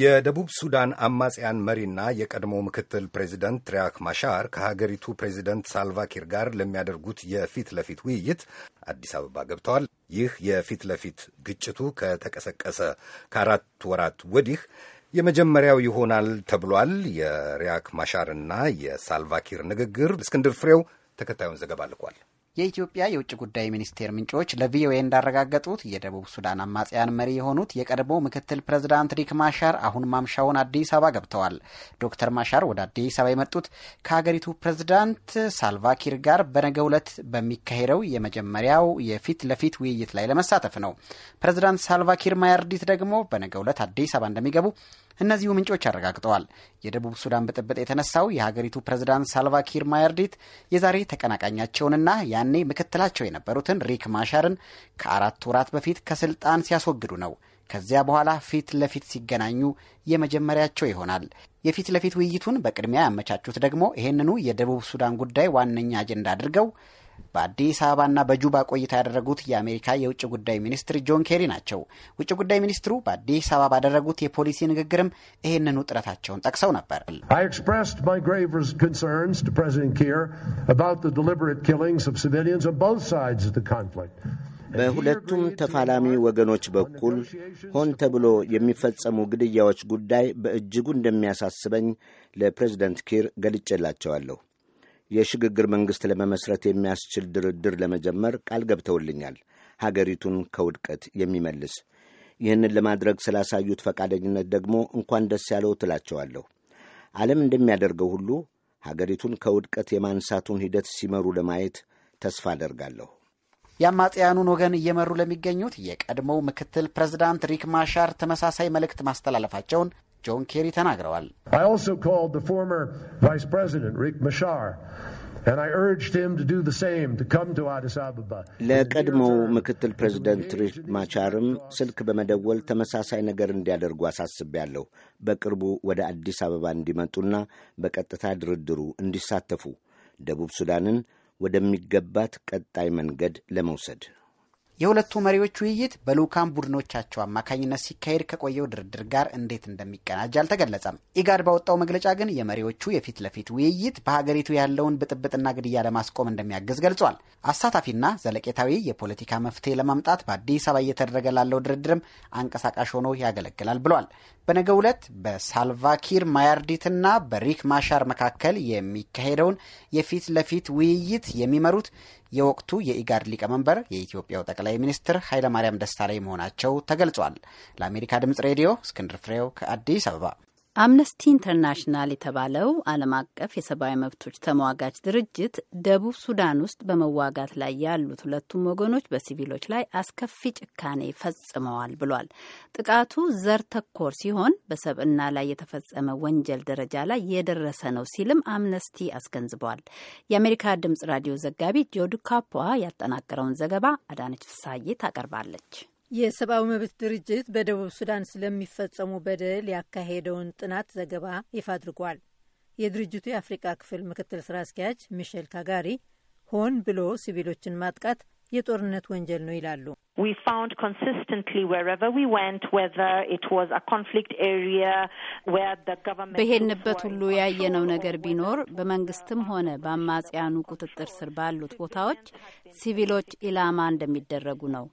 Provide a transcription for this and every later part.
የደቡብ ሱዳን አማጽያን መሪና የቀድሞ ምክትል ፕሬዚደንት ሪያክ ማሻር ከሀገሪቱ ፕሬዚደንት ሳልቫኪር ጋር ለሚያደርጉት የፊት ለፊት ውይይት አዲስ አበባ ገብተዋል። ይህ የፊት ለፊት ግጭቱ ከተቀሰቀሰ ከአራት ወራት ወዲህ የመጀመሪያው ይሆናል ተብሏል። የሪያክ ማሻርና የሳልቫኪር ንግግር። እስክንድር ፍሬው ተከታዩን ዘገባ ልኳል። የኢትዮጵያ የውጭ ጉዳይ ሚኒስቴር ምንጮች ለቪኦኤ እንዳረጋገጡት የደቡብ ሱዳን አማጽያን መሪ የሆኑት የቀድሞ ምክትል ፕሬዝዳንት ሪክ ማሻር አሁን ማምሻውን አዲስ አበባ ገብተዋል። ዶክተር ማሻር ወደ አዲስ አበባ የመጡት ከሀገሪቱ ፕሬዝዳንት ሳልቫኪር ጋር በነገ ዕለት በሚካሄደው የመጀመሪያው የፊት ለፊት ውይይት ላይ ለመሳተፍ ነው። ፕሬዝዳንት ሳልቫኪር ማያርዲት ደግሞ በነገ ዕለት አዲስ አበባ እንደሚገቡ እነዚሁ ምንጮች አረጋግጠዋል። የደቡብ ሱዳን ብጥብጥ የተነሳው የሀገሪቱ ፕሬዝዳንት ሳልቫኪር ማያርዲት የዛሬ ተቀናቃኛቸውንና ያን ያኔ ምክትላቸው የነበሩትን ሪክ ማሻርን ከአራት ወራት በፊት ከስልጣን ሲያስወግዱ ነው። ከዚያ በኋላ ፊት ለፊት ሲገናኙ የመጀመሪያቸው ይሆናል። የፊት ለፊት ውይይቱን በቅድሚያ ያመቻቹት ደግሞ ይህንኑ የደቡብ ሱዳን ጉዳይ ዋነኛ አጀንዳ አድርገው በአዲስ አበባና በጁባ ቆይታ ያደረጉት የአሜሪካ የውጭ ጉዳይ ሚኒስትር ጆን ኬሪ ናቸው። ውጭ ጉዳይ ሚኒስትሩ በአዲስ አበባ ባደረጉት የፖሊሲ ንግግርም ይህንኑ ጥረታቸውን ጠቅሰው ነበር። በሁለቱም ተፋላሚ ወገኖች በኩል ሆን ተብሎ የሚፈጸሙ ግድያዎች ጉዳይ በእጅጉ እንደሚያሳስበኝ ለፕሬዚደንት ኪር ገልጬላቸዋለሁ። የሽግግር መንግሥት ለመመስረት የሚያስችል ድርድር ለመጀመር ቃል ገብተውልኛል፣ ሀገሪቱን ከውድቀት የሚመልስ ይህንን ለማድረግ ስላሳዩት ፈቃደኝነት ደግሞ እንኳን ደስ ያለው ትላቸዋለሁ። ዓለም እንደሚያደርገው ሁሉ ሀገሪቱን ከውድቀት የማንሳቱን ሂደት ሲመሩ ለማየት ተስፋ አደርጋለሁ። የአማጽያኑን ወገን እየመሩ ለሚገኙት የቀድሞው ምክትል ፕሬዝዳንት ሪክ ማሻር ተመሳሳይ መልእክት ማስተላለፋቸውን ጆን ኬሪ ተናግረዋል። ለቀድሞው ምክትል ፕሬዚደንት ሪክ ማቻርም ስልክ በመደወል ተመሳሳይ ነገር እንዲያደርጉ አሳስቤያለሁ። በቅርቡ ወደ አዲስ አበባ እንዲመጡና በቀጥታ ድርድሩ እንዲሳተፉ ደቡብ ሱዳንን ወደሚገባት ቀጣይ መንገድ ለመውሰድ የሁለቱ መሪዎች ውይይት በልዑካን ቡድኖቻቸው አማካኝነት ሲካሄድ ከቆየው ድርድር ጋር እንዴት እንደሚቀናጅ አልተገለጸም። ኢጋድ ባወጣው መግለጫ ግን የመሪዎቹ የፊት ለፊት ውይይት በሀገሪቱ ያለውን ብጥብጥና ግድያ ለማስቆም እንደሚያግዝ ገልጿል። አሳታፊና ዘለቄታዊ የፖለቲካ መፍትሄ ለማምጣት በአዲስ አበባ እየተደረገ ላለው ድርድርም አንቀሳቃሽ ሆኖ ያገለግላል ብሏል። በነገ ዕለት በሳልቫኪር ማያርዲትና በሪክ ማሻር መካከል የሚካሄደውን የፊት ለፊት ውይይት የሚመሩት የወቅቱ የኢጋድ ሊቀመንበር የኢትዮጵያው ጠቅላይ ጠቅላይ ሚኒስትር ኃይለማርያም ደሳለኝ መሆናቸው ተገልጿል። ለአሜሪካ ድምጽ ሬዲዮ እስክንድር ፍሬው ከአዲስ አበባ አምነስቲ ኢንተርናሽናል የተባለው ዓለም አቀፍ የሰብአዊ መብቶች ተሟጋች ድርጅት ደቡብ ሱዳን ውስጥ በመዋጋት ላይ ያሉት ሁለቱም ወገኖች በሲቪሎች ላይ አስከፊ ጭካኔ ፈጽመዋል ብሏል። ጥቃቱ ዘር ተኮር ሲሆን በሰብዕና ላይ የተፈጸመ ወንጀል ደረጃ ላይ የደረሰ ነው ሲልም አምነስቲ አስገንዝበዋል። የአሜሪካ ድምጽ ራዲዮ ዘጋቢ ጆዲ ካፖ ያጠናቀረውን ዘገባ አዳነች ፍሳዬ ታቀርባለች። የሰብአዊ መብት ድርጅት በደቡብ ሱዳን ስለሚፈጸሙ በደል ያካሄደውን ጥናት ዘገባ ይፋ አድርጓል። የድርጅቱ የአፍሪቃ ክፍል ምክትል ስራ አስኪያጅ ሚሼል ካጋሪ ሆን ብሎ ሲቪሎችን ማጥቃት የጦርነት ወንጀል ነው ይላሉ። በሄድንበት ሁሉ ያየነው ነገር ቢኖር በመንግስትም ሆነ በአማጽያኑ ቁጥጥር ስር ባሉት ቦታዎች ሲቪሎች ኢላማ እንደሚደረጉ ነው።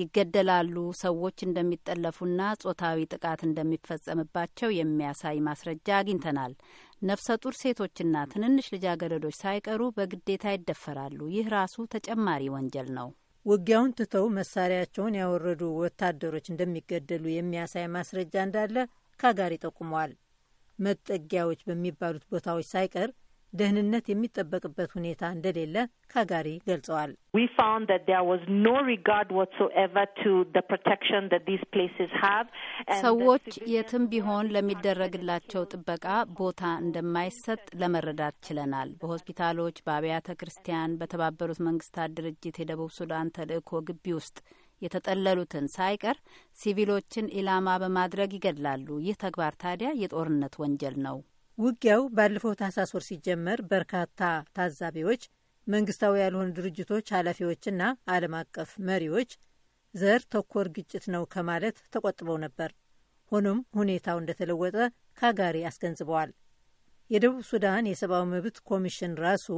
ይገደላሉ፣ ሰዎች እንደሚጠለፉና ጾታዊ ጥቃት እንደሚፈጸምባቸው የሚያሳይ ማስረጃ አግኝተናል። ነፍሰ ጡር ሴቶችና ትንንሽ ልጃገረዶች ሳይቀሩ በግዴታ ይደፈራሉ። ይህ ራሱ ተጨማሪ ወንጀል ነው። ውጊያውን ትተው መሳሪያቸውን ያወረዱ ወታደሮች እንደሚገደሉ የሚያሳይ ማስረጃ እንዳለ ካጋሪ ጠቁመዋል። መጠጊያዎች በሚባሉት ቦታዎች ሳይቀር ደህንነት የሚጠበቅበት ሁኔታ እንደሌለ ካጋሪ ገልጸዋል። ሰዎች የትም ቢሆን ለሚደረግላቸው ጥበቃ ቦታ እንደማይሰጥ ለመረዳት ችለናል። በሆስፒታሎች፣ በአብያተ ክርስቲያን፣ በተባበሩት መንግስታት ድርጅት የደቡብ ሱዳን ተልእኮ ግቢ ውስጥ የተጠለሉትን ሳይቀር ሲቪሎችን ኢላማ በማድረግ ይገድላሉ። ይህ ተግባር ታዲያ የጦርነት ወንጀል ነው። ውጊያው ባለፈው ታህሳስ ወር ሲጀመር በርካታ ታዛቢዎች፣ መንግስታዊ ያልሆኑ ድርጅቶች ኃላፊዎችና ዓለም አቀፍ መሪዎች ዘር ተኮር ግጭት ነው ከማለት ተቆጥበው ነበር። ሆኖም ሁኔታው እንደተለወጠ ካጋሪ አስገንዝበዋል። የደቡብ ሱዳን የሰብአዊ መብት ኮሚሽን ራሱ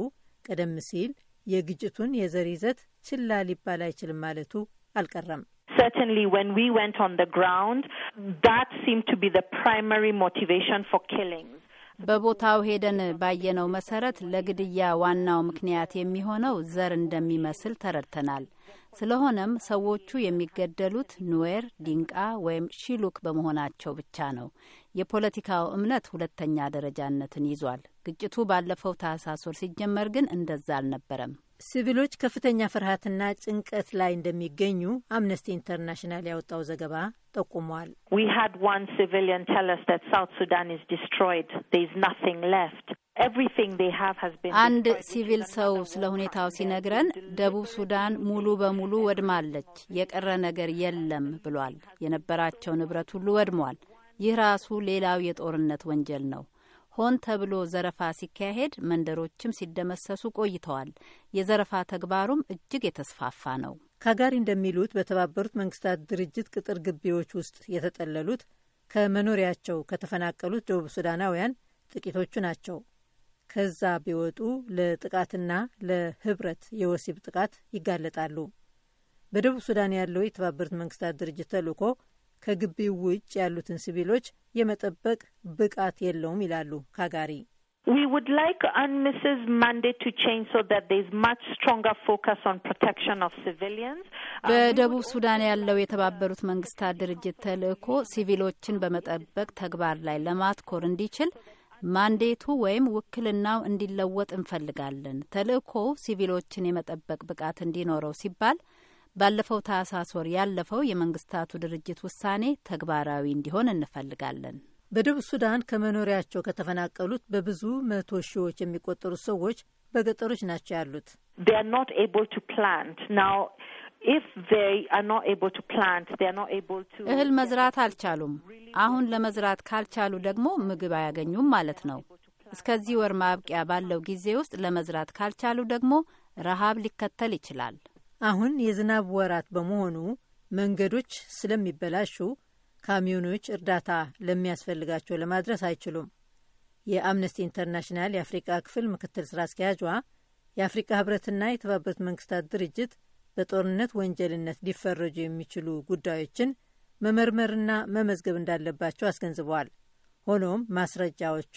ቀደም ሲል የግጭቱን የዘር ይዘት ችላ ሊባል አይችልም ማለቱ አልቀረም። በቦታው ሄደን ባየነው መሰረት ለግድያ ዋናው ምክንያት የሚሆነው ዘር እንደሚመስል ተረድተናል። ስለሆነም ሰዎቹ የሚገደሉት ኑዌር፣ ዲንቃ ወይም ሺሉክ በመሆናቸው ብቻ ነው። የፖለቲካው እምነት ሁለተኛ ደረጃነትን ይዟል። ግጭቱ ባለፈው ታህሳስ ወር ሲጀመር ግን እንደዛ አልነበረም። ሲቪሎች ከፍተኛ ፍርሃትና ጭንቀት ላይ እንደሚገኙ አምነስቲ ኢንተርናሽናል ያወጣው ዘገባ ጠቁሟል። አንድ ሲቪል ሰው ስለ ሁኔታው ሲነግረን ደቡብ ሱዳን ሙሉ በሙሉ ወድማለች፣ የቀረ ነገር የለም ብሏል። የነበራቸው ንብረት ሁሉ ወድሟል። ይህ ራሱ ሌላው የጦርነት ወንጀል ነው። ሆን ተብሎ ዘረፋ ሲካሄድ፣ መንደሮችም ሲደመሰሱ ቆይተዋል። የዘረፋ ተግባሩም እጅግ የተስፋፋ ነው። ካጋሪ እንደሚሉት በተባበሩት መንግስታት ድርጅት ቅጥር ግቢዎች ውስጥ የተጠለሉት ከመኖሪያቸው ከተፈናቀሉት ደቡብ ሱዳናውያን ጥቂቶቹ ናቸው። ከዛ ቢወጡ ለጥቃትና ለህብረት የወሲብ ጥቃት ይጋለጣሉ። በደቡብ ሱዳን ያለው የተባበሩት መንግስታት ድርጅት ተልዕኮ ከግቢው ውጭ ያሉትን ሲቪሎች የመጠበቅ ብቃት የለውም ይላሉ ካጋሪ። We would like UNMISS's mandate to change so that there is much stronger focus on protection of civilians. Uh, በደቡብ ሱዳን ያለው የተባበሩት መንግስታት ድርጅት ተልእኮ ሲቪሎችን በመጠበቅ ተግባር ላይ ለማትኮር እንዲችል ማንዴቱ ወይም ውክልናው እንዲለወጥ እንፈልጋለን። ተልእኮው ሲቪሎችን የመጠበቅ ብቃት እንዲኖረው ሲባል ባለፈው ታህሳስ ወር ያለፈው የመንግስታቱ ድርጅት ውሳኔ ተግባራዊ እንዲሆን እንፈልጋለን። በደቡብ ሱዳን ከመኖሪያቸው ከተፈናቀሉት በብዙ መቶ ሺዎች የሚቆጠሩ ሰዎች በገጠሮች ናቸው ያሉት። እህል መዝራት አልቻሉም። አሁን ለመዝራት ካልቻሉ ደግሞ ምግብ አያገኙም ማለት ነው። እስከዚህ ወር ማብቂያ ባለው ጊዜ ውስጥ ለመዝራት ካልቻሉ ደግሞ ረሃብ ሊከተል ይችላል። አሁን የዝናብ ወራት በመሆኑ መንገዶች ስለሚበላሹ ካሚዮኖች እርዳታ ለሚያስፈልጋቸው ለማድረስ አይችሉም። የአምነስቲ ኢንተርናሽናል የአፍሪቃ ክፍል ምክትል ስራ አስኪያጇ የአፍሪቃ ህብረትና የተባበሩት መንግስታት ድርጅት በጦርነት ወንጀልነት ሊፈረጁ የሚችሉ ጉዳዮችን መመርመርና መመዝገብ እንዳለባቸው አስገንዝበዋል። ሆኖም ማስረጃዎቹ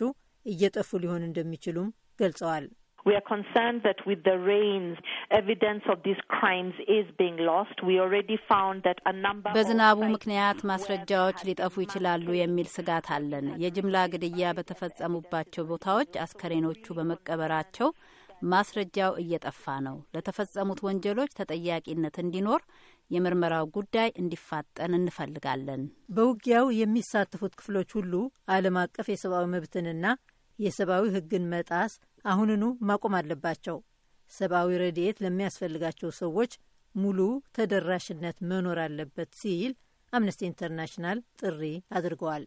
እየጠፉ ሊሆን እንደሚችሉም ገልጸዋል። We are concerned that with the rains, evidence of these crimes is being lost. We already found that a number በዝናቡ ምክንያት ማስረጃዎች ሊጠፉ ይችላሉ የሚል ስጋት አለን። የጅምላ ግድያ በተፈጸሙባቸው ቦታዎች አስከሬኖቹ በመቀበራቸው ማስረጃው እየጠፋ ነው። ለተፈጸሙት ወንጀሎች ተጠያቂነት እንዲኖር የምርመራው ጉዳይ እንዲፋጠን እንፈልጋለን። በውጊያው የሚሳተፉት ክፍሎች ሁሉ ዓለም አቀፍ የሰብአዊ መብትንና የሰብአዊ ሕግን መጣስ አሁንኑ ማቆም አለባቸው። ሰብአዊ ረድኤት ለሚያስፈልጋቸው ሰዎች ሙሉ ተደራሽነት መኖር አለበት ሲል አምነስቲ ኢንተርናሽናል ጥሪ አድርገዋል።